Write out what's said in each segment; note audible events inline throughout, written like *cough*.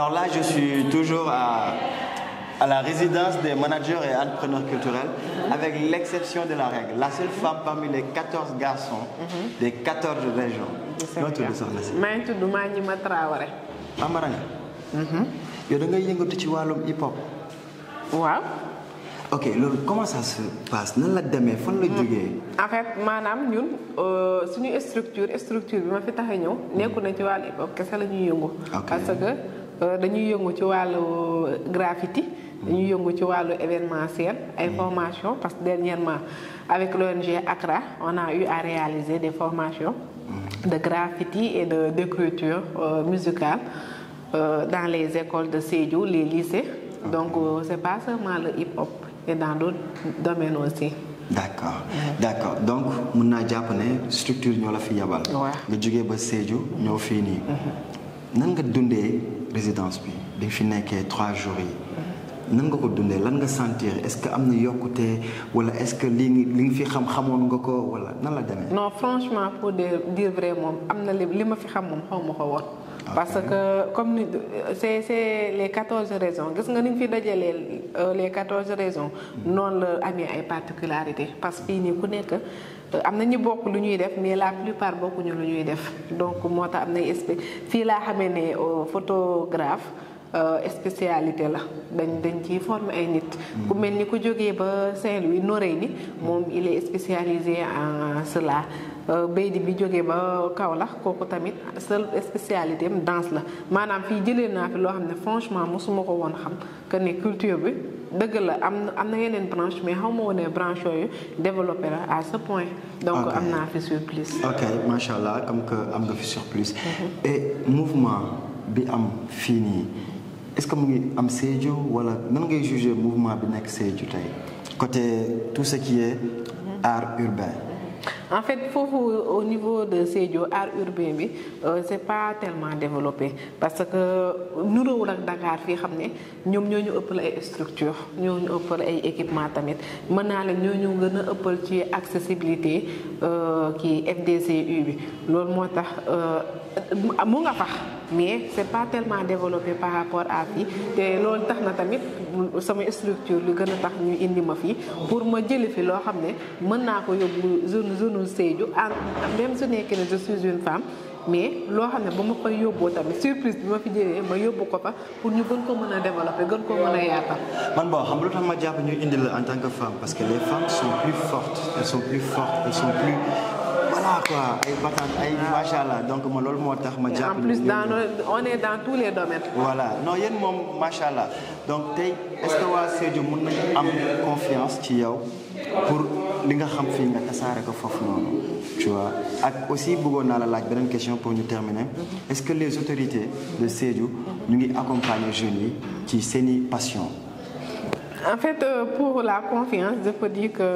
Alors là, je suis toujours à, la résidence des managers et entrepreneurs culturels, avec l'exception de la règle. La seule femme parmi les 14 garçons mhm. des 14 régions. Maintenant, mhm. hop. ok comment ça se passe la la mhm. en fait ñun euh, suñu structure structure bi ma fi de nekku na ci la euh, dañuy avons ci wàllu euh, graffiti dañuy yëngu ci wàllu événementiel ay formation parce que dernièrement avec l'ONG Accra on a eu à réaliser des formations de graffiti et de d'écriture euh, musicale dans les écoles de Sédio, les lycées donc c'est pas seulement le hip-hop et dans d'autres domaines aussi d'accord d'accord donc nous naa structure ñoo la fi yabal nga ba Sédio ñoo mm-hmm. nan nga résidence puis, Les nga fi trois jours nan nga ko dundee lan nga sentir est-ce que am na yokkute wala est-ce que li li nga fi xam xamoon nga ko wala nan la demee. non franchement pour dire vrai moom am na li ma fi xam moom xaw ma ko woon. Ah, parce que comme ni c'est c'est les quatorze raisons gis nga ni ñu fi dajalee euh, les quatorze raisons. Hmm. noonu la amee ay particularités parce que fii nii ku nekk. Euh, am na ñu bokk lu ñuy def mais la plupart bokkuñu lu ñuy def donc moo tax am na espèce fii laa xamee ne euh, photographe. Euh, spécialité la dañ dañ ci former ay nit ku melni ni ku jógee ba Saint-Louis ni mom il est spécialisé en cela euh, béy di bi jógee ba Kaolack kooku tamit seul spécialité am danse la manam fi jëlee naa fi lo xam franchement mosuma ko woon xam que né culture bi dëgg la am am na yenen branche mais xaw woné woon ne branche yooyu développé à ce point. donc am naa fi surplus. ok machallah comme que nga am nga fi surplus. Mhm. et mouvement bi am fini est-ce que mu ngi am séjour ou nan ngay juger mouvement bi nek Sédhiou tay côté tout ce qui est art urbain en fait pour au niveau de Sédio, art urbain bi euh, c'est pas tellement développé parce que nous ak Dakar fii xam nous nous ñoo ñu ëppal ay structure ñoo ñu ëppal ay équipement tamit mën naa la ñoo ñu gën a ëppal ci accessibilité euh, kii FDCU bi loolu moo tax euh, nga fax mais c'est pas tellement développé par rapport à vie te loolu tax na tamit sama structure lu gën a tax ñu indi ma fii pour ma jëli fi loo xam ne mën naa ko zone génnul ah, même si nekkee ne je suis une femme mais lo xam bama ba ma koy yóbboo tamit surprise bima ma fi jëlee ma yóbbu ko fa pour ñu gën ko mëna a développer gën ko mëna a yaatal. man bon xam nga lu tax ma japp ñu indi la en tant que femme parce que les femmes sont plus fortes elles sont plus fortes elles sont plus. voilà quoi ay patente ay macha allah donc ma loolu moo tax ma. japp en plus dans on est dans tous les domaines. voilà non yéen moom macha allah donc tay est-ce que wa Sédhiou mëna nañu am confiance ci yow pour li nga xam fi nga tasaare ko fofu noonu tu vois ak aussi bëggoon naa la laaj beneen question pour ñu terminer mhm. est-ce que les autorités de Sédhiou ñu ngi accompagner jeunes yi ci seeni passion en fait euh, pour la confiance je peux dire que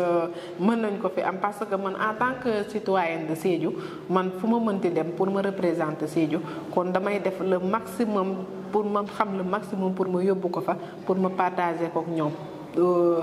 mën nañ ko fi am parce que man en tant que citoyenne de Sédhiou man suis ma dem pour me représenter Sédhiou kon damay def le maximum pour me xam le maximum pour me pour me partager avec ak Euh,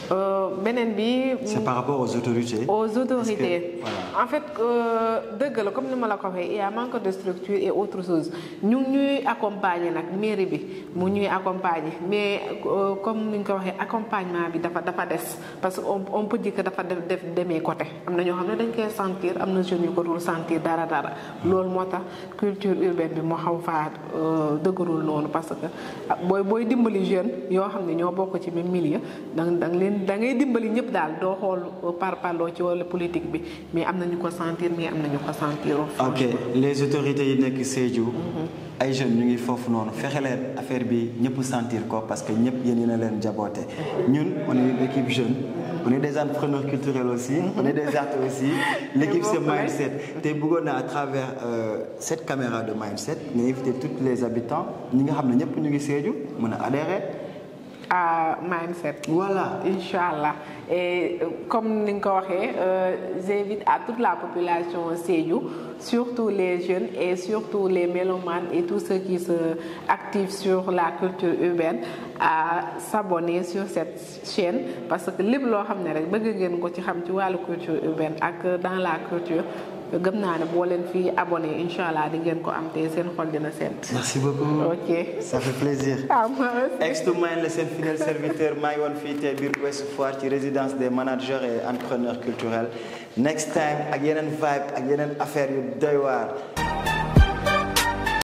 Euh, bi. c'est par rapport aux autorités. aux autorités en fait euh, la comme nous ma la ko il y a manque de structure et autre chose ñu nous ñuy accompagner nag mairie bi mu ñuy accompagner mais euh, comme ni ñu ko waxee accompagnement bi dafa dafa des parce que on peut dire que dafa def de de côté côtés. na ñoo xam ne dañ koy sentir am na jeunes yu sentir dara dara loolu moo culture urbaine bi moo xaw de euh, dëgërul noonu parce que ah, booy booy dimbali jeune yoo xam ne ñoo bokk ci même milieu dang dang leen da ngay dimbali ñëpp daal doo xool euh, par parloo ci wala politique bi mais am nañu ko sentir mais am nañu ko sentir. ok les autorités yi nekk Sédhiou. Mhm. ay jeunes ñu ngi foofu noonu fexe leen affaire bi ñëpp sentir ko parce que ñëpp yéen a leen jaboote. ñun on est une équipe jeune. on est des entrepreneurs culturels aussi. Mhm. on est des artistes aussi. *laughs* l'équipe c'est Mindset. te bëggoon à travers euh, cette caméra de Mindset nga inviter tous les habitants ñi nga xam ne ñëpp ñu ngi Sédhiou mën a adhérer mindset. voilà Inch'Allah. et euh, comme nous l'avons euh, j'invite à toute la population Seyou, surtout les jeunes et surtout les mélomanes et tous ceux qui sont actifs sur la culture urbaine à s'abonner sur cette chaîne parce que les gens qui rek bëgg ngeen culture urbaine et dans la culture gëm naa ne boo leen fi abonné incha allah di ngeen ko am te seen xol dina sent. merci beaucoup ok ça fait plaisir. ah ex to le la seen fidèle serviteur maa ngi woon fii te biir West Foire ci résidence des managers et entrepreneurs culturels next time ak yeneen vibe ak yeneen affaire yu doy waar.